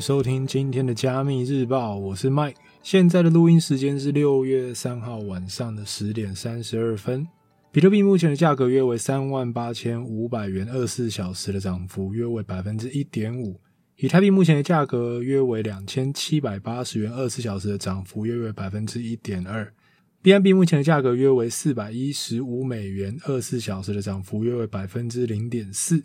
收聽今天的加密日報，我是 Mike。現在的錄音時間是六月三號晚上的十點三十二分。比特幣目前的價格約為三萬八千五百元，二十四小時的漲幅約為百分之一點五。以太幣目前的價格約為兩千七百八十元，二十四小時的漲幅約為百分之一點二。BNB 目前的價格約為四百一十五美元，二十四小時的漲幅約為百分之零點四。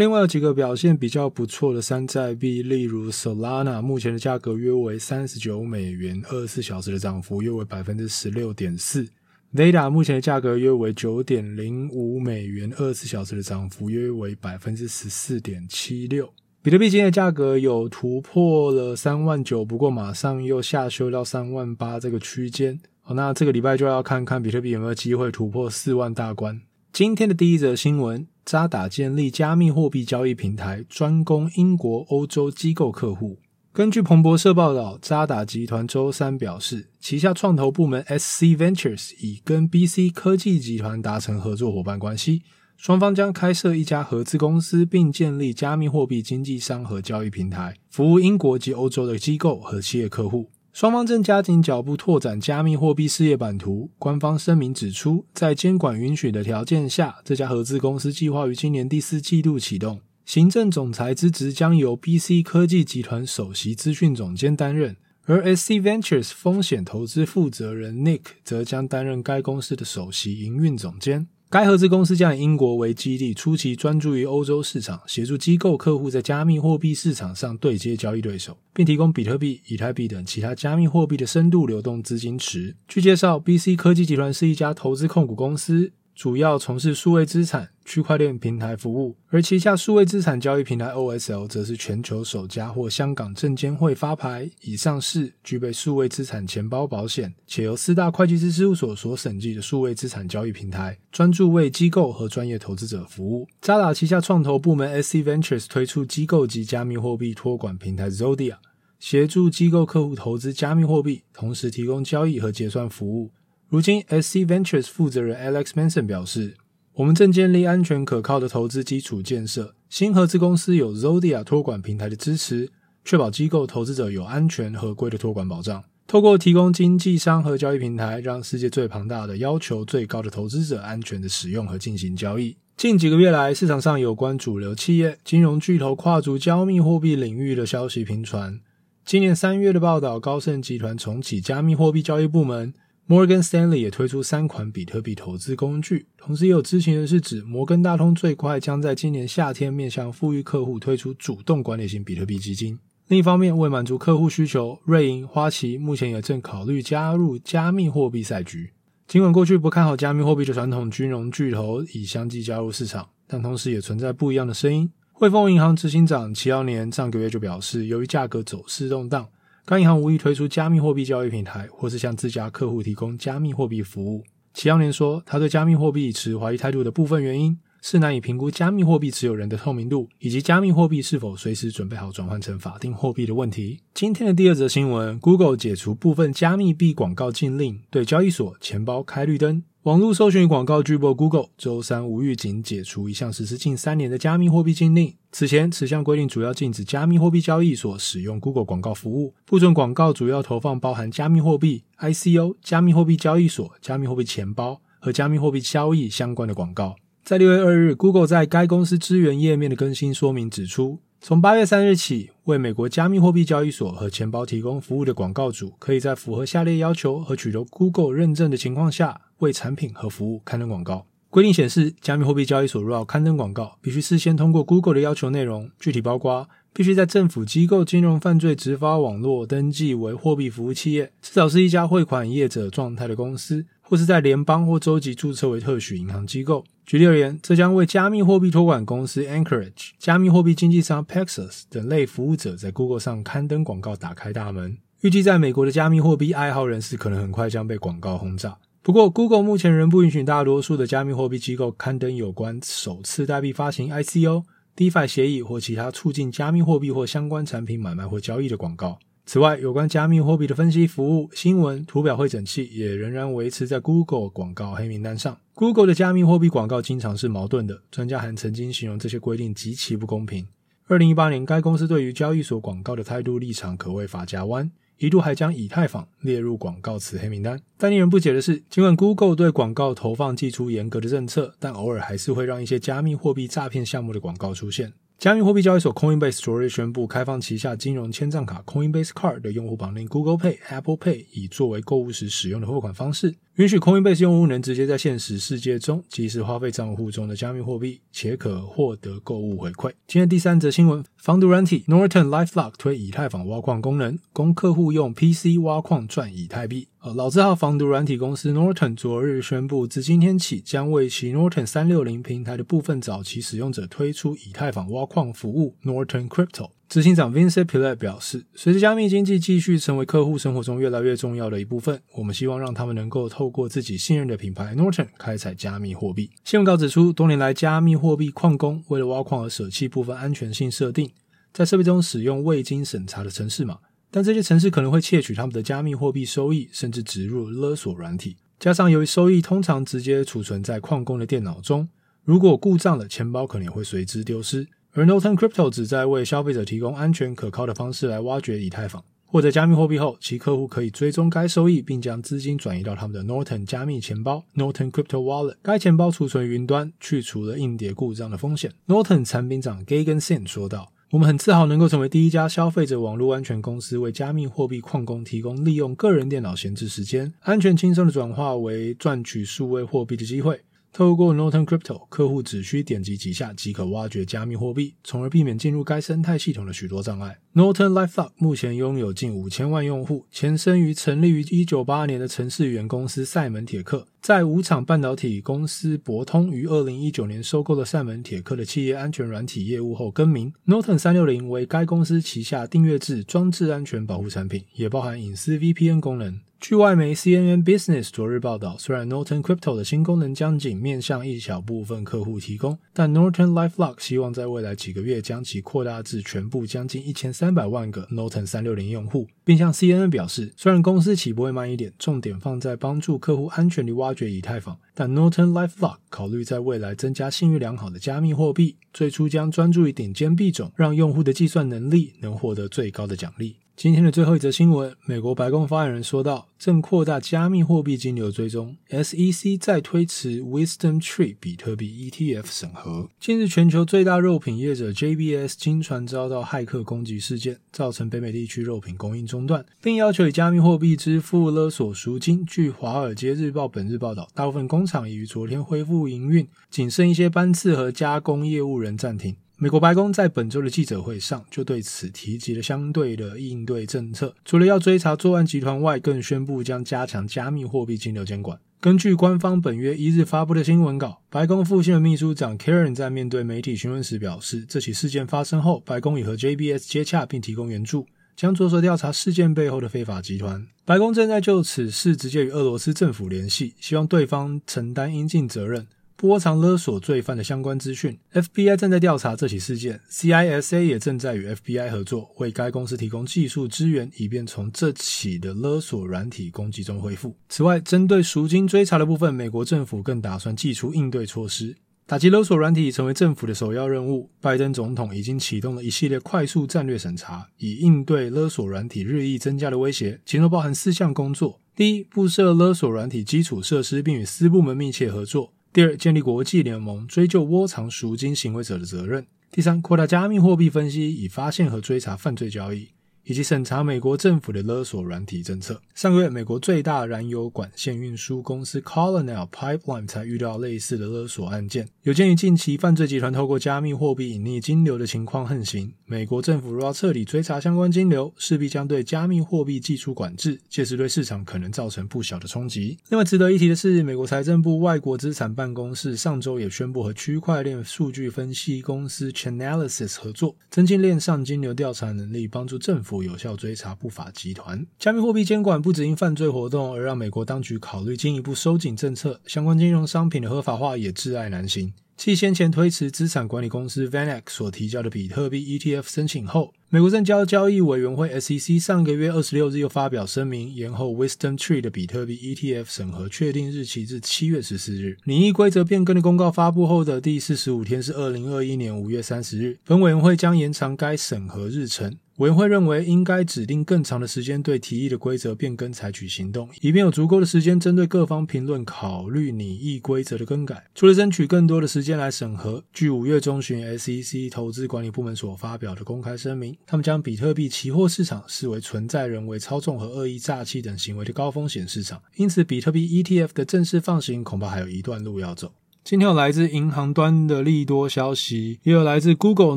另外有幾個表現比較不錯的山寨幣，例如 Solana，目前的價格約為三十九美元，二十四小時的漲幅約為百分之十六點四。Theta 目前的價格約為九點零五美元，二十四小時的漲幅約為百分之十四點七六。比特幣今天的價格有突破了三萬九，不過馬上又下修到三萬八這個區間。好，那這個禮拜就要看看比特幣有沒有機會突破四萬大關。今天的第一則新聞：渣打建立加密貨幣交易平台，專攻英國、歐洲機構客戶。根據彭博社報道，渣打集團周三表示，旗下創投部門 SC Ventures 已跟 BC 科技集團達成合作夥伴關係，雙方將開設一家合資公司，並建立加密貨幣經紀商和交易平台，服務英國及歐洲的機構和企業客戶。雙方正加緊腳步拓展加密貨幣事業版圖。官方聲明指出，在監管允許的條件下，這家合資公司計劃於今年第四季度啟動。行政總裁之職將由 BC 科技集團首席資訊總監擔任，而 SC Ventures 風險投資負責人 Nick 則將擔任該公司的首席營運總監。該合資公司將以英國為基地，初期專注於歐洲市場，協助機構客戶在加密貨幣市場上對接交易對手，並提供比特幣、以太幣等其他加密貨幣的深度流動資金池。據介紹，BC 科技集團是一家投資控股公司。主要從事數位資產、區塊鏈平台服務，而旗下數位資產交易平台 OSL 則是全球首家獲香港證監會發牌、已上市、具備數位資產錢包保險，且由四大會計師事務所所審計的數位資產交易平台，專注為機構和專業投資者服務。渣打旗下創投部門 SC Ventures 推出機構級加密貨幣託管平台 Zodia，協助機構客戶投資加密貨幣，同時提供交易和結算服務。如今，SC Ventures 負責人 Alex Manson 表示：“我們正建立安全可靠的投資基礎建設。新合資公司有 Zodia 托管平台的支持，確保機構投資者有安全合規的托管保障。透過提供經紀商和交易平台，讓世界最龐大的、要求最高的投資者安全的使用和進行交易。”近幾個月來，市場上有關主流企業、金融巨頭跨足加密貨幣領域的消息頻傳。今年三月的報道，高盛集團重啟加密貨幣交易部門。摩根士丹利也推出三款比特幣投資工具，同時也有知情人士指，摩根大通最快將在今年夏天面向富裕客戶推出主動管理型比特幣基金。另一方面，為滿足客戶需求，瑞銀、花旗目前也正考慮加入加密貨幣賽局。盡管過去不看好加密貨幣的傳統金融巨頭已相繼加入市場，但同時也存在不一樣的聲音。匯豐銀行執行長祁耀年上個月就表示，由於價格走勢動盪，該銀行無意推出加密貨幣交易平台，或是向自家客戶提供加密貨幣服務。齊亞連說，他對加密貨幣持懷疑態度的部分原因。是難以評估加密貨幣持有人的透明度，以及加密貨幣是否隨時準備好轉換成法定貨幣的問題。今天的第二則新聞：Google 解除部分加密幣廣告禁令，對交易所、錢包開綠燈。網絡搜尋與廣告巨擘 Google 週三無預警解除一項實施近三年的加密貨幣禁令。此前，此項規定主要禁止加密貨幣交易所使用 Google 廣告服務，不准廣告主要投放包含加密貨幣、ICO、加密貨幣交易所、加密貨幣錢包和加密貨幣交易相關的廣告。在六月二日，Google 在該公司資源頁面的更新說明指出，從八月三日起，為美國加密貨幣交易所和錢包提供服務的廣告主，可以在符合下列要求和取得 Google 認證的情況下，為產品和服務刊登廣告。規定顯示，加密貨幣交易所若要刊登廣告，必須事先通過 Google 的要求內容，具體包括：必須在政府機構金融犯罪執法網絡登記為貨幣服務企業，至少是一家匯款業者狀態的公司。或是在聯邦或州級註冊為特許銀行機構。舉例而言，這將為加密貨幣托管公司 Anchorage、加密貨幣經紀商 Paxos 等類服務者在 Google 上刊登廣告打開大門。預計在美國的加密貨幣愛好人士可能很快將被廣告轟炸。不過，Google 目前仍不允許大多數的加密貨幣機構刊登有關首次代幣發行 （ICO）、DeFi 協議或其他促進加密貨幣或相關產品買賣或交易的廣告。此外，有關加密貨幣的分析服務、新聞、圖表彙整器也仍然維持在 Google 廣告黑名單上。Google 的加密貨幣廣告經常是矛盾的。專家還曾經形容這些規定極其不公平。二零一八年，該公司對於交易所廣告的態度立場可謂髮夾彎，一度還將以太坊列入廣告詞黑名單。但令人不解的是，儘管 Google 對廣告投放祭出嚴格的政策，但偶爾還是會讓一些加密貨幣詐騙項目的廣告出現。加密貨幣交易所 Coinbase 昨日宣布，開放旗下金融簽賬卡 Coinbase Card 的用戶綁定 Google Pay、Apple Pay，以作為購物時使用的付款方式。允許 Coinbase 用戶能直接在現實世界中即時花費賬戶中的加密貨幣，且可獲得購物回饋。今天第三則新聞，防毒軟體 Norton LifeLock 推以太坊挖礦功能，供客戶用 PC 挖礦賺以太幣。呃，老字號防毒軟體公司 Norton 昨日宣布，自今天起將為其 Norton 360平台的部分早期使用者推出以太坊挖礦服務 Norton Crypto。執行長 Vincent Pilette 表示：“隨着加密經濟繼續成為客戶生活中越來越重要的一部分，我們希望讓他們能夠透過自己信任的品牌 Norton 開採加密貨幣。”新聞稿指出，多年來，加密貨幣礦工為了挖礦而捨棄部分安全性設定，在設備中使用未經審查的程式碼，但這些程式可能會竊取他們的加密貨幣收益，甚至植入勒索軟體。加上，由於收益通常直接儲存在礦工的電腦中，如果故障了，錢包可能也會隨之丟失。而 Norton Crypto 旨在為消費者提供安全可靠的方式來挖掘以太坊獲得加密貨幣後，其客戶可以追蹤該收益，並將資金轉移到他們的 Norton 加密錢包 Norton Crypto Wallet。Crypt Wall et, 該錢包儲存雲端，去除了硬碟故障的風險。Norton 產品長 Gagan Singh 說道：“我們很自豪能夠成為第一家消費者網絡安全公司，為加密貨幣礦工提供利用個人電腦閒置時間、安全輕鬆的轉化為賺取數位貨幣的機會。”透過 Norton Crypto，客戶只需點擊幾下即可挖掘加密貨幣，從而避免進入該生態系統的許多障礙。Norton LifeLock 目前擁有近五千萬用戶，前身於成立於一九八二年的城市員公司賽門鐵克。在無廠半導體公司博通於二零一九年收購了賽門鐵克的企業安全軟體業務後更名，Norton 三六零為該公司旗下訂閱制裝置安全保護產品，也包含隱私 VPN 功能。據外媒 CNN Business 昨日報道，雖然 Norton Crypto 的新功能將僅面向一小部分客戶提供，但 Norton LifeLock 希望在未來幾個月將其擴大至全部將近一千三百萬個 Norton 三六零用戶。並向 CNN 表示，雖然公司起步會慢一點，重點放在幫助客戶安全地挖掘以太坊，但 Norton LifeLock 考慮在未來增加信譽良好的加密貨幣。最初將專注於頂尖幣種，讓用戶的計算能力能獲得最高的獎勵。今天的最後一則新聞，美國白宮發言人說道，正擴大加密貨幣金流追蹤。SEC 再推遲 Wisdom Tree 比特幣 ETF 審核。近日，全球最大肉品業者 JBS 驚傳遭到駭客攻擊事件，造成北美地區肉品供應中斷，並要求以加密貨幣支付勒索贖金。據《華爾街日報》本日報道，大部分工廠已於昨天恢復營運，僅剩一些班次和加工業務仍暫停。美國白宮在本周的記者會上就對此提及了相對的應對政策，除了要追查作案集團外，更宣布將加強加密貨幣金流監管。根據官方本月一日發布的新聞稿，白宮副新聞秘書長 Karen 在面對媒體詢問時表示，這起事件發生後，白宮已和 JBS 接洽並提供援助，將着手調查事件背後的非法集團。白宮正在就此事直接與俄羅斯政府聯繫，希望對方承擔應盡責任。波長勒索罪犯的相關資訊，FBI 正在調查這起事件，CISA 也正在與 FBI 合作，為該公司提供技術支援，以便從這起的勒索軟體攻擊中恢復。此外，針對贖金追查的部分，美國政府更打算祭出應對措施，打擊勒索軟體成為政府的首要任務。拜登總統已經啟動了一系列快速戰略審查，以應對勒索軟體日益增加的威脅。其中包含四項工作：第一，布設勒索軟體基礎設施，並與私部門密切合作。第二，建立國際聯盟，追究窩藏贖金行為者的責任。第三，擴大加密貨幣分析，以發現和追查犯罪交易。以及審查美國政府的勒索軟體政策。上個月，美國最大燃油管線運輸公司 Colonial Pipeline 才遇到類似的勒索案件。有鑑於近期犯罪集團透過加密貨幣隱匿金流的情況橫行，美國政府若要徹底追查相關金流，勢必將對加密貨幣技術管制，屆時對市場可能造成不小的衝擊。另外值得一提的是，美國財政部外國資產辦公室上周也宣布和區塊鏈數據分析公司 Chainalysis 合作，增進鏈上金流調查能力，幫助政府否有效追查不法集團？加密貨幣監管不只因犯罪活動而讓美國當局考慮進一步收緊政策，相關金融商品的合法化也窒礙難行。繼先前推遲資產管理公司 VanEck 所提交的比特幣 ETF 申請後，美國證券交易委員會 SEC 上個月二十六日又發表聲明，延後 WisdomTree 的比特幣 ETF 審核確定日期至七月十四日。擬議規則變更的公告發布後的第四十五天是二零二一年五月三十日，本委員會將延長該審核日程。委員會認為，應該指定更長的時間對提議的規則變更採取行動，以便有足夠的時間針對各方評論考慮擬議規則的更改。除了爭取更多的時間來審核，據五月中旬 SEC 投資管理部門所發表的公開聲明，他們將比特幣期貨市場視為存在人為操縱和惡意詐欺等行為的高風險市場，因此比特幣 ETF 的正式放行恐怕還有一段路要走。今天有來自銀行端的利多消息，也有來自 Google、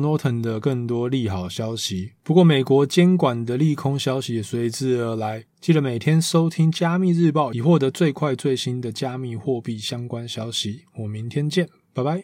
Norton 的更多利好消息。不過，美國監管的利空消息也隨之而來。記得每天收聽加密日報，以獲得最快最新的加密貨幣相關消息。我明天見，拜拜。